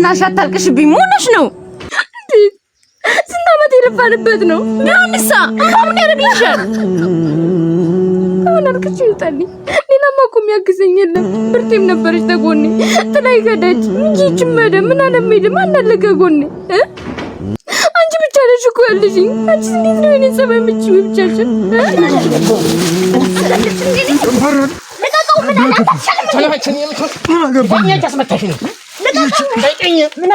በእናትሽ አታልቅሽብኝ። መሆንሽ ነው። ስንት ዓመት የለፋንበት ነው። ቢሆንሳ ምን ያደርግልሻል? አሁን አልቅሽ ይውጣልኝ። ሌላ ማቆም ያግዘኝ የለም። ብርቴም ነበረች ተጎኔ ትላይ ገደች ምንጂች መደ ምን አለመሄድ ማን አለ ከጎኔ አንቺ ብቻ ነሽ እኮ ያለሽኝ። አንቺ እንዴት ነው የኔን ጸባይ የምትችይው? ብቻችን ልቀቀው። ምን አለ አታሻልም። ምን አገባኝ? ያስመታሽ ነው እኛ ግን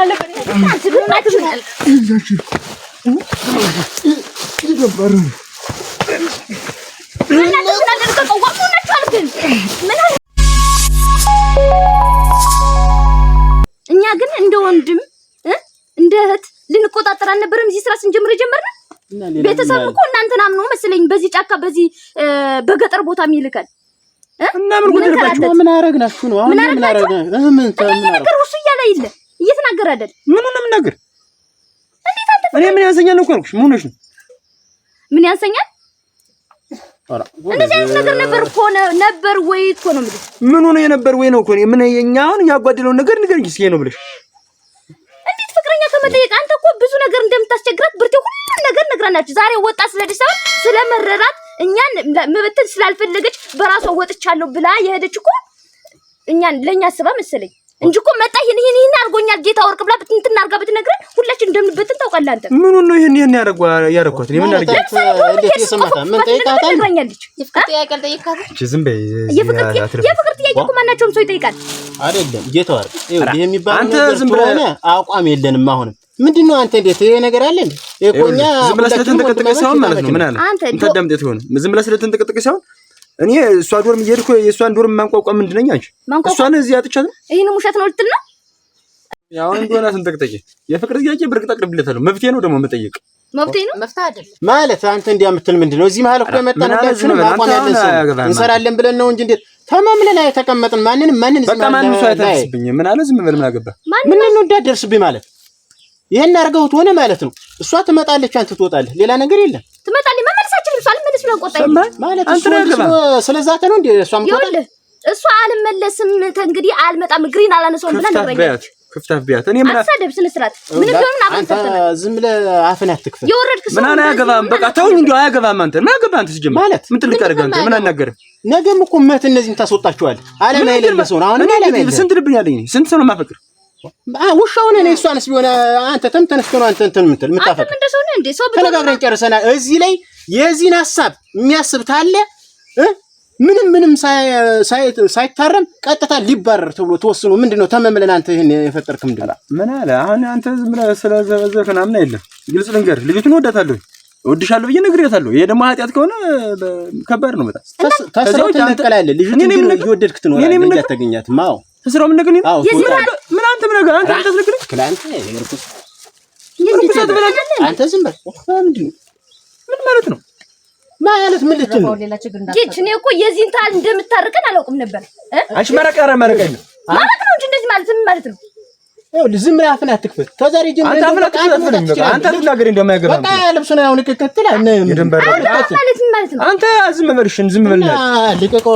እንደ ወንድም እንደ እህት ልንቆጣጠር አልነበረም። እዚህ ስራ ስንጀምር የጀመርነው ቤተሰብ እኮ እናንተን አምኖ መሰለኝ በዚህ ጫካ በዚህ በገጠር ቦታ የሚልካል እና ምን ጉድርባችሁ ምን አረግናችሁ ነው? አሁን ምን አረግናችሁ? ምን ተምን ነገር ሁሉ የለ እየተናገረ አይደል? ምኑን ነው የምናገር? እኔ ምን ያንሰኛል እኮ ያልኩሽ። ምን ሆነሽ ነው? ምን ያንሰኛል? እንደዚህ አይነት ነገር ነበር እኮ ነበር ወይ እኮ ነው የምልሽ። ምን ሆነ የነበር ወይ ነው እኮ ነው ምን የኛውን ያጓደለውን ነገር ንገሪኝ እስኪ ነው ብለሽ እንዴት ፍቅረኛ ከመጠየቅ አንተ እኮ ብዙ ነገር እንደምታስቸግራት ብርቴ ሁሉን ነገር ነግራናች። ዛሬ ወጣ ስለደስ ሳይሆን ስለመረራት እኛን መበተን ስላልፈለገች በራሷ ወጥቻለሁ ብላ የሄደች እኮ እኛን ለኛ አስባ መሰለኝ እንጂ እኮ መጣ ይሄን ይሄን ይሄን አድርጎኛል ጌታ ወርቅ ብላ እንትን አድርጋ ብትነግረን ሁላችን እንደምንበትን ታውቃለህ። አንተ ምኑ ነው ይሄን ይሄን ያደርጓ ያደርኳት እኔ ምን አድርጌ የፍቅር ጥያቄ እኮ ማናቸውም ሰው ይጠይቃል አይደለም ጌታ ወርቅ። ይሄ የሚባል አንተ ዝም ብለህ አቋም የለንም አሁንም ምንድን ነው አንተ? እንዴት ይሄ ነገር አለ እንዴ? እኮ እኛ ዝም ብለህ ስለተንጠቀጠቀ ሳይሆን ማለት ነው ምን አለ አንተ እንደምጤት ይሆን ዝም ብለህ ስለተንጠቀጠቀ ሳይሆን እኔ እሷ ዶርም እየሄድኩ የእሷን ዶርም ማንቋቋም ምንድን ነኝ? አንቺ እሷን እዚህ አጥቻት ነው። ይህን ውሸት ነው ልትል ነው? አሁን እንደሆነ ስንጠቅጠቂ የፍቅር ጥያቄ በእርግጥ አቅርብለታለሁ። መብቴ ነው ደግሞ መጠየቅ መብቴ ነው መፍትሄ አይደለም ማለት አንተ እንዲያ የምትል ምንድን ነው? እዚህ መሀል እኮ የመጣ ነው። ሁላችንም አቋም ያለን ሰው እንሰራለን ብለን ነው እንጂ እንዴት ተማምለን የተቀመጥን ማንንም ማንን በቃ ማን ሰው አይደርስብኝ። ምን አለ ዝም በል ምን አገባ ምን ነው እንዳደርስብኝ ማለት ይሄን አድርገውት ሆነ ማለት ነው። እሷ ትመጣለች፣ አንተ ትወጣለህ። ሌላ ነገር የለም። ትመጣለች እሷ አልመለስም እንግዲህ አልመጣም፣ እግሬን አላነሳውም ብላ ክፍታፍ ቢያት እኔ ምን አሰደብ ስነ ስርዓት ምን አንተ ዝም ብለህ አፍን አትክፈት። የወረድክ ሰው ምን በቃ ተውኝ፣ አንተ ምን አገባህ? አንተ ማለት ምን ትልቅ አንተ ምን ነገም እኮ መት እነዚህን ታስወጣቸዋለህ። ሰው ነው። አሁን አለማይለኝ ስንት ልብኛለኝ ስንት ሰው ነው የማፈቅር ውሻውን እኔ እሷንስ ቢሆን አንተ ተም ተነስቶ ነው አንተ እንትን ምትል ምታፈቅ ተነጋግረን ጨርሰናል። እዚህ ላይ የዚህን ሀሳብ የሚያስብ ታለ ምንም ምንም ሳይታረም ቀጥታ ሊባረር ተብሎ ተወስኖ ምንድን ነው ተመምለን አንተ ይህን የፈጠርክ ምንድን ነው? ምን አለ አሁን አንተ ዝም ብለህ ስለዘበዘብክ ምናምን የለም። ግልጽ ልንገርህ ልጅቱን ወዳታለሁ እወድሻለሁ ብዬ ነግሬያታለሁ። ይሄ ደግሞ ኃጢአት ከሆነ ከባድ ነው በጣም ተስረው ትነቀላለህ። ልጅቱን እየወደድክ ትኖራለህ። ተስረው ምን ነገር ነገር አንተ አታስነግረኝ። ክላንተ እርኩስ እርኩስ አትበላኝ። አንተ ዝም በል። ምንድን ነው ምን ማለት ነው? ማለት ምን ልትል ነው? እኔ እኮ የዚህን ታል እንደምታርቀን አላውቅም ነበር። አንቺ መረቅ ኧረ መረቀኝ ነው ማለት ነው እንጂ እንደዚህ ማለት ምን ማለት ነው? ይኸውልህ ዝም ብለህ አፍን አትክፈት። ከዛሬ ጀምሮ አንተ አፍን አትክፈት። አንተ ልትናገር እንደማይገባ በቃ ዝም በልሽን ልቀቀው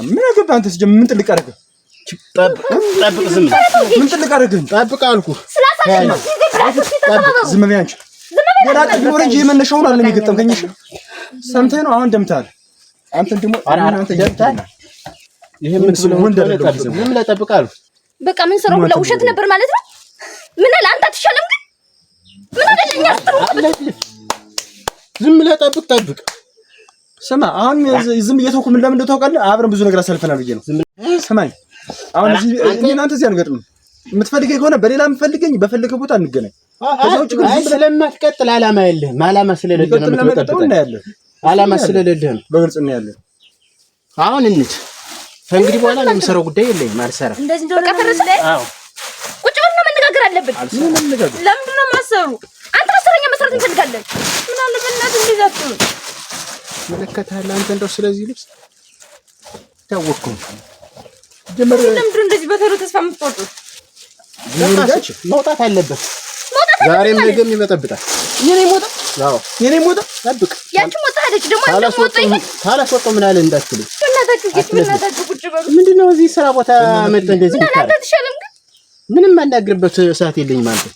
አይነሳም። ምን አገባህ አንተ? ስጀምር ምን ጥልቅ ጠብቅ፣ ዝም ምን ጥልቅ ጠብቅ አልኩህ። ዝም በይ አንቺ። እንጂ የመነሻውን አለም የገጠምከኝ። ሰምተህ ነው አሁን ደምታል። አንተን ደግሞ አንተ ምን ስለሆነ ምን በቃ ምን ስራው ውሸት ነበር ማለት ነው። ምን አለ አንተ አትሻለም ግን ምን አለ ለኛ ጠብቅ ስማ አሁን ዝም እየተውኩ ምን ለምን እንደታውቃለህ፣ አብረን ብዙ ነገር አሳልፈናል ብዬ ነው። ስማኝ አሁን እዚህ እናንተ እዚህ አንገጥም። የምትፈልገኝ ከሆነ በሌላ የምፈልገኝ በፈልገው ቦታ እንገናኝ። አይ ስለማትቀጥል ዓላማ የለህም። ዓላማ ስለሌለህ ነው የምትወጣበት። አላማ ስለሌለህ ነው። በግልጽ እናያለን። አሁን እንት ከእንግዲህ በኋላ ነው የምሰራው ጉዳይ የለኝም። አልሰራም። እንደዚህ እንደሆነ አዎ፣ ቁጭ ብለን መነጋገር አለብን። ለምንድን ነው የማሰሩ? አንተ አስረኛ መስራት እንፈልጋለን። ምን አለ በእናትህ እንደዚያ ይመለከታል። አንተ እንደው ስለዚህ ልብስ ታወቅኩ። ጀመረ ለምንድን እንደዚህ በተሩ ተስፋ የምትቆርጡት? መውጣት አለበት። ዛሬም ነገም ይበጠብጣል። የኔ ሞጣ አዎ፣ የኔ ሞጣ ጠብቅ። ያቺ ሞጣ አለች ደግሞ ታላስወጣው ምን አለ እንዳትሉ። ምንድን ነው እዚህ ስራ ቦታ መጥተህ እንደዚህ ምንም አናግርበት ሰዓት የለኝም። ማለት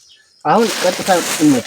አሁን ቀጥታ እንሂድ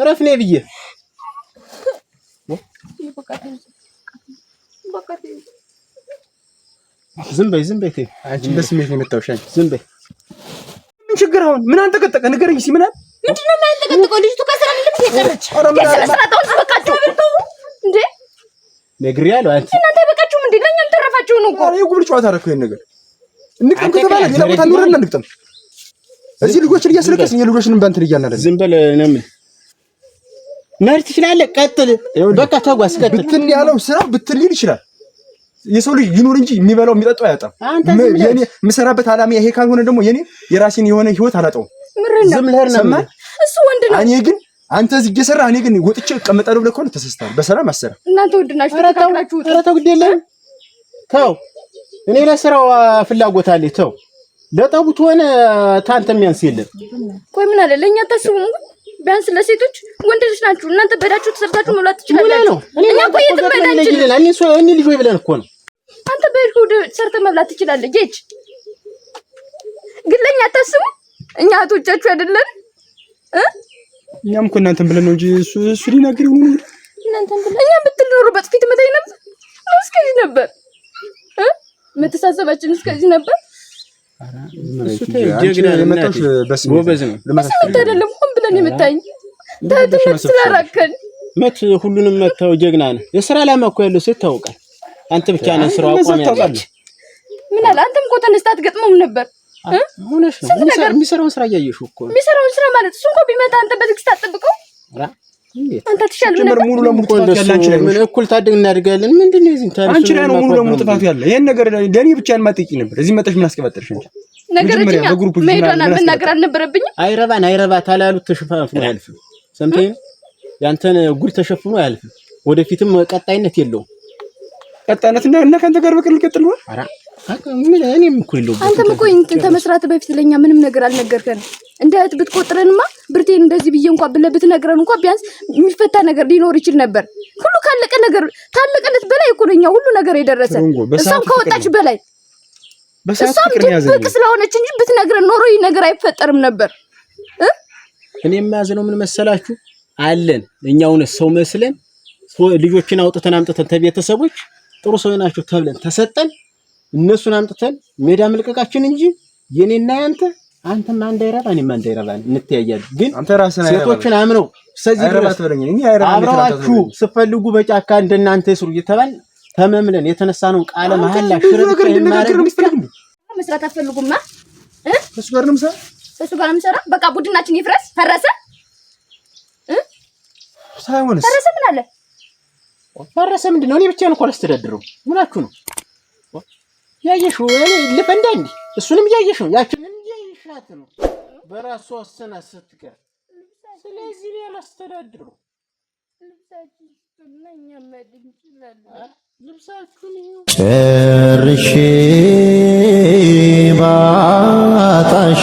እረፍ ነይ ብዬ ዝም በይ ዝም በይ። አንቺ በስሜት ነው አንቺ ዝም በይ። ምን ችግር አሁን ምን አንጠቀጠቀ? ንገረኝ እስኪ ምን አለ? ምንድን ነው የማንጠቀጠቀው? ልጅቱ ከስራ ልብስ የቀረች እንዴ? ነግሬያለሁ። አንቺ እናንተ አይበቃችሁም እንዴ? ለእኛም ነው እኮ። የጉብል ጨዋታ አደረኩ ይሄን ነገር። ንቅጠም ከተባለ ሌላ ቦታ እዚህ ልጆችን እያስለቀስን የልጆችንም በእንትን እያልን አይደለም። ዝም በል ነው መሄድ ትችላለህ። ቀጥል፣ በቃ ተጓዝ፣ ቀጥል። ብትን ያለው ስራ ብትን ሊል ይችላል። የሰው ልጅ ይኑር እንጂ የሚበላው የሚጠጣው አያጣም። የኔ የምሰራበት አላማ ይሄ ካልሆነ ደግሞ የኔ የራሴን የሆነ ህይወት አላጣውም። ዝም ልሄድ ነው እሱ ወንድ ነው። እኔ ግን አንተ እዚህ እየሰራህ እኔ ግን ወጥቼ እቀመጣለሁ ብለህ ከሆነ ተሳስተሃል። በሰላም አሰራ እናንተ ወድናችሁ ናችሁ። ተው ግድ የለም ተው። እኔ ለስራው ፍላጎት አለኝ። ተው ለጠቡት ሆነ ታንተ የሚያንስ የለም። ቆይ ምን አለ ለእኛ ታስቡ ቢያንስ ለሴቶች ወንድ ልጅ ናችሁ እናንተ በዳችሁ ተሰርታችሁ መብላት ትችላላችሁ። እኛ ብለን እኮ ነው አንተ በሄድኩ ሰርተህ መብላት ትችላለህ። ጌች ግን ለኛ አታስቡ። እኛ እህቶቻችሁ አይደለን እኛም እኮ እናንተን ብለን ነው እንጂ እሱ እሱ ሊናገር ይሁን እናንተን ብለን እኛ የምትኖሩበት በጥፊት መታኝ ነበር እስከዚህ ነበር መተሳሰባችን እስከዚህ ነበር። እሱ ተጀግና ለማጣስ በስም ጎበዝ ነው ለማሳሰብ አይደለም ብለን የምታኝ ትምህርት ስላራከን ሁሉንም መተው ጀግና ነው። የስራ ዓላማ እኮ ያለው ሴት ታውቃል። አንተ ብቻ ነህ ስራው አቋም ያለው ምን አለ። አንተም እኮ ተነስተህ አትገጥመውም ነበር። የሚሰራውን ስራ እያየሽው እኮ የሚሰራውን ስራ ማለት እሱ እኮ ቢመጣ አንተ በትዕግስት አትጠብቀው። አንተ ሙሉ ለሙሉ እኩል ታድግ እናድጋለን። ምንድን ነው አንቺ ላይ ነው ሙሉ ለሙሉ ጥፋት ያለ። ይሄን ነገር ለእኔ ብቻ ማጥቂ ነበር። እዚህ መጣሽ ምን አስቀባጠርሽ እንጂ ነገር እኛ መሄዷን መናገር አልነበረብኝም። አይረባን አይረባ ታላሉት ተሸፋፍኖ አያልፍም። ሰምተኝ ያንተን ጉድ ተሸፍኖ አያልፍም። ወደፊትም ቀጣይነት የለውም። ቀጣይነት እና እና ከአንተ ጋር በቀል ቀጥል ነው። ኧረ እኔም እኮ የለውም። አንተም እኮ እንትን ተመስራት በፊት ለኛ ምንም ነገር አልነገርከንም። እንደ እህት ብትቆጥረንማ ብርቴን እንደዚህ ብዬ እንኳን ብለህ ብትነግረን እንኳን ቢያንስ የሚፈታ ነገር ሊኖር ይችል ነበር። ሁሉ ካለቀ ነገር ታለቀለት በላይ እኮ ነው እኛ ሁሉ ነገር የደረሰ እሷም ከወጣች በላይ እሷም ድብቅ ስለሆነች እንጂ ብትነግረን ኖሮ ይህ ነገር አይፈጠርም ነበር። እኔ የማያዝ ነው ምን መሰላችሁ አለን እኛ ሰው መስለን ልጆችን አውጥተን አምጥተን ተቤተሰቦች ጥሩ ሰው ናቸው ተብለን ተሰጠን እነሱን አምጥተን ሜዳ መልቀቃችን እንጂ የኔና ያንተ አንተም አንድ እኔም አንድ አይረባ ግን ሴቶችን አምነው እስከዚህ አብረዋችሁ ስትፈልጉ በጫካ እንደናንተ ይስሩ እየተባል ተመምለን የተነሳ ነው ቃለ መሐላ ሽረት መስራት አትፈልጉማ? እሱ ጋር ነው የምሰራ እሱ ጋር ነው የምሰራ። በቃ ቡድናችን ይፍረስ። ፈረሰ ሳይሆንስ ፈረሰ። ምን አለ ፈረሰ? ምንድን ነው? እኔ ብቻዬን እኮ አላስተዳድረው። ምናችሁ ነው ያየሽው? እኔ ልፈንዳ እንዴ? እሱንም እያየሽው ያችንም እያየሻት ነው በራሷ ወስና ስትቀር። ስለዚህ እኔ አላስተዳድረው ጨርሼ ባጣሽ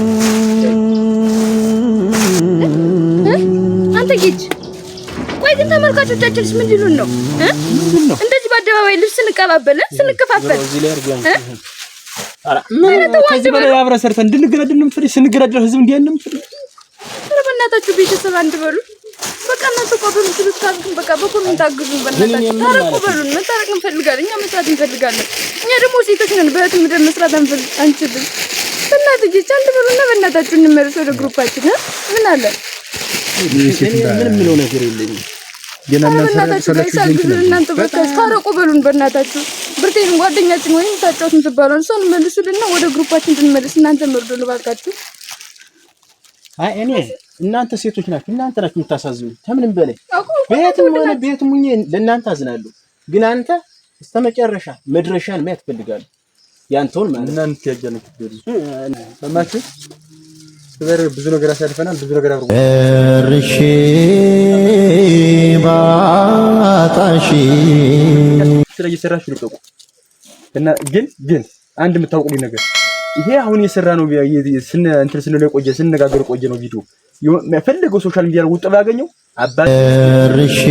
ልጅ። ቆይ ግን ተመልካቾቻችንስ ምን ይሉን ነው? እንደዚህ በአደባባይ ልብስ ስንቀባበል ስንከፋፈል ከዚህ በላይ ሰርተን እንድንገዳደል ነው የምትፈልጊው? ስንገዳደል ህዝብ እንዲህ ነው የምትፈልጊው? ኧረ በእናታችሁ ቤተሰብ አንድ በሉ። በቃ እናንተ እኮ በምትሉት ታግዙን፣ በቃ በኮሜንት አግዙን። በእናታችሁ ታረቁ በሉን። መታረቅ እንፈልጋለን፣ እኛ መስራት እንፈልጋለን። እኛ ደግሞ ሴቶች ነን፣ በእህት ምድር መስራት አንችልም። አንድ በሉና በእናታችሁ እንመለስ ወደ ግሩፓችን። ምን አለ ምንም ምለው ነገር የለኝም። እናንተ በቃችሁ ታረቁ በሉን በእናታችሁ። ብርቴን ጓደኛችን ወይም ታጫውትን ትባሏል። እሷን መልሱልና ወደ ግሩፓችን እንድንመልስ እናንተ መርዶን እባካችሁ። አይ እኔ እናንተ ሴቶች ናችሁ፣ እናንተ ናችሁ የምታሳዝኑ። ከምንም በላይ ቤትም ሆነ ቤትም ሁኜ ለእናንተ አዝናለሁ። ግን አንተ እስከመጨረሻ መድረሻን ማየት እፈልጋለሁ። ያንተውን ማለት እናንተ ያጃነች ብዙ ነገር አሳልፈናል። ብዙ ነገር አብሮ እርሺ ባጣሺ ስለ እየሰራሽ ነው ጠቁ እና ግን ግን አንድ የምታውቁኝ ነገር ይሄ አሁን የሰራ ነው ስነ እንትን ስንለው ቆየ ስንነጋገር ቆየ ነው ቪዲዮ የፈለገው ሶሻል ሚዲያ ላይ ባያገኘው ያገኘው እርሺ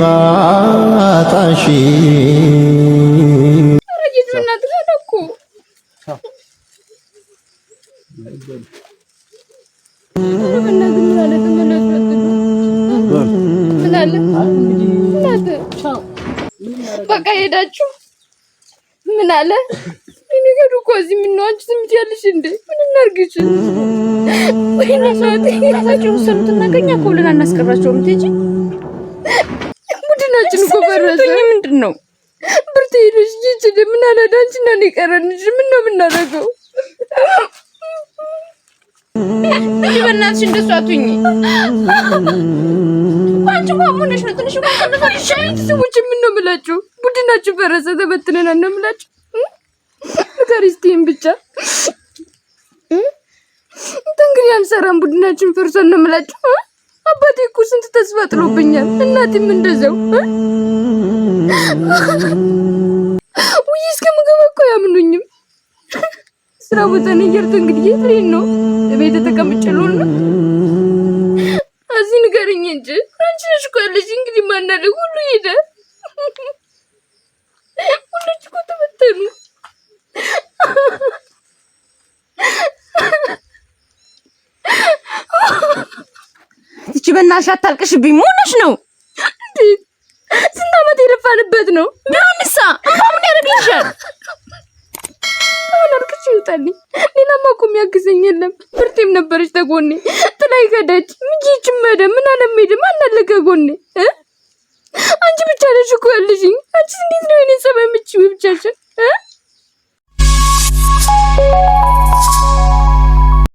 ባጣሺ በቃ ሄዳችሁ ምን አለ የሚገዱ እኮ እዚህ ምነው አንቺ ዝም ትያለሽ እንዴ? ምን እናድርግሽ? ወይኔ ሰውቴ ራሳቸው ወሰኑት እና ከእኛ እኮ ብለን አናስቀራቸውም። ትሄጂ ቡድናችን እኮ በረሰ። ምንድን ነው ብርት ሄደሽ ይችል ምን አለ ዳንቺ እና እኔ ቀረንሽ። ምን ነው የምናደርገው? እንዴ በእናትሽ እንደሱ አትሁኝ። አንቺ ቆሙ ነሽ ነው ትንሽ ቆሙ ነው ሻይ ትስውጭ ምን ነው የምላችሁ? ቡድናችሁ ፈረሰ ተበትነናል ነው የምላችሁ። ከሪስቲን ብቻ እንግዲህ አንሰራም። ቡድናችን ፈርሷል ነው የምላችሁ። አባቴ እኮ ስንት ተስፋ ጥሎብኛል። እናቴም እንደዛው ውይ እስከምገባ እኮ አያምኑኝም። ስራ ቦታ ነው እየሄድኩ እንግዲህ የት ነው? እቤት ተቀምጬ ነው? አዚ ንገረኝ እንጂ አንቺ ነሽ እኮ ያለሽ። እንግዲህ ማናለ ሁሉ ሄደ፣ ሁሎች እኮ ተበተኑ። ይቺ በእናትሽ አታልቅሽብኝ። መሆንሽ ነው ስንት ዓመት የለፋንበት ነው ቢሆንሳ ምን ያደርግልሻል? አመጣልኝ። ሌላማ እኮ የሚያግዘኝ የለም። ብርቴም ነበረች ተጎኔ ትላይ ከዳች ምጂች መደ ምን አለም ሄደ ማን ከጎኔ አንቺ ብቻ ነሽ እኮ ያለሽኝ። አንቺ እንዴት ነው የኔ ጸባይ ምች ብቻሽን